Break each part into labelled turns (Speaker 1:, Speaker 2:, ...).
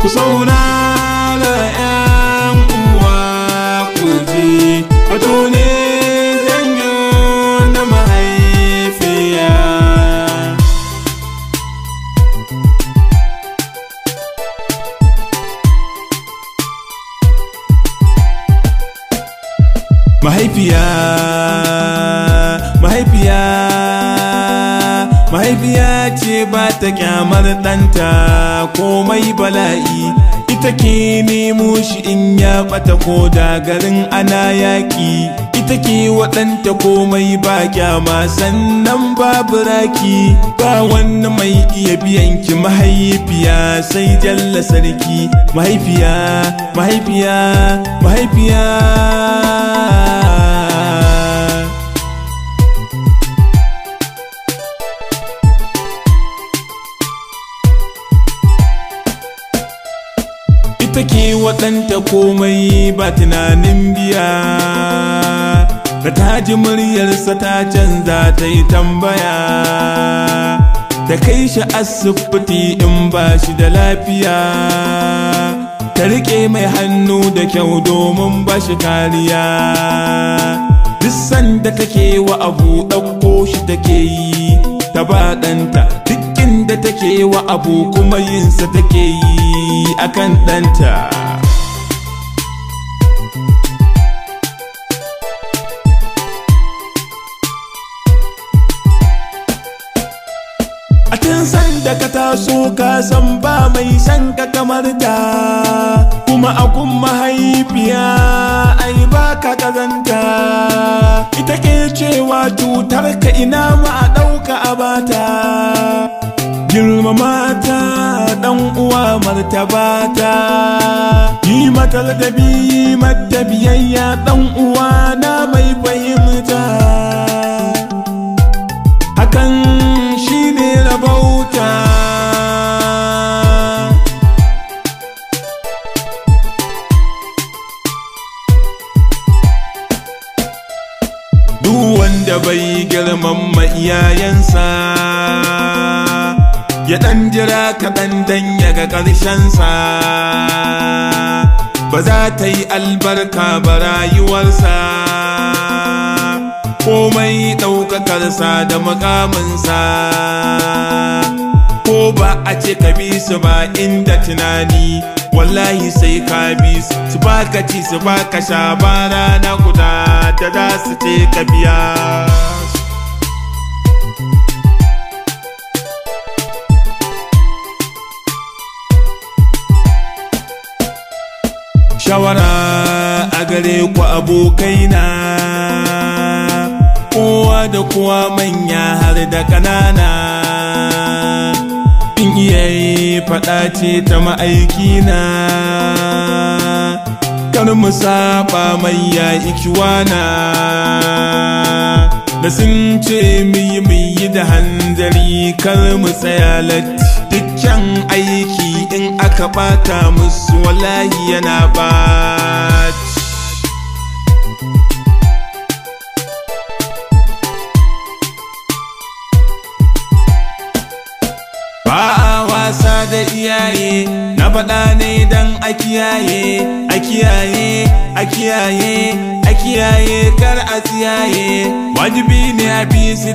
Speaker 1: ku da 'yan uwa ku ji wato ne zanyo na mahaifiya mahaifiya mahaifiya Safiya ce ba ta kyamar ɗanta komai bala'i Ita ke nemo shi in ya bata ko dagarin garin ana yaƙi Ita ke waɗanta komai ba kyama sannan babu raki Ba wani mai iya biyan ki mahaifiya sai jalla sarki Mahaifiya, mahaifiya, mahaifiya take waɗanta komai ba tunanin biya da ta ji muryarsa ta canza ta yi tambaya ta kai shi asibiti in ba shi da lafiya ta riƙe mai hannu da kyau domin ba shi kariya duk sanda take wa abu ɗauko shi take yi ta ba baɗanta take wa abu kuma yinsa take yi akan ɗanta a san sanda ka taso ka san ba mai san ka kamar ta kuma a kun mahaifiya ai ba ka kazanta ita ke cewa cutar ka ina ma a ɗauka a bata mata dan uwa martabata yi mata ladabi yi mata biyayya dan uwa na bai fahimta hakan shine rabauta duk wanda bai girmama iyayensa ya ɗan jira kaɗan dan ya ga sa ba za ta yi albarka ba rayuwarsa komai sa da sa ko ba a ce ka bi su ba inda tunani wallahi sai ka bi su su baka ci su baka sha ba na guda da za su ce ka biya shawara a gare ku abokaina kowa da kowa manya har da kanana in iyaye faɗa ce ta ma'aikina kar mu saba manya ikiwana da sun ce muyi yi da hanzari kar mu tsaya latti dukkan aiki in aka bata musu wallahi yana baci ba a wasa da iyaye na faɗa ne don a kiyaye a kiyaye a kiyaye a kiyaye tiyaye wajibi ne a bi su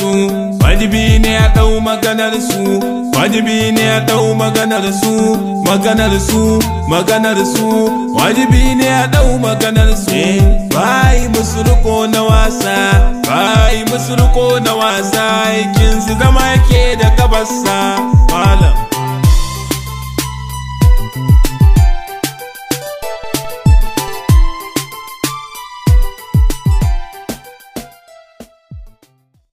Speaker 1: su wajibi ne a dau maganar su wajibi ne a dau maganar su maganar su maganar su wajibi ne a dau maganar su bai musu riko na wasa bai musu riko na wasa kin su zama yake da gabasa malam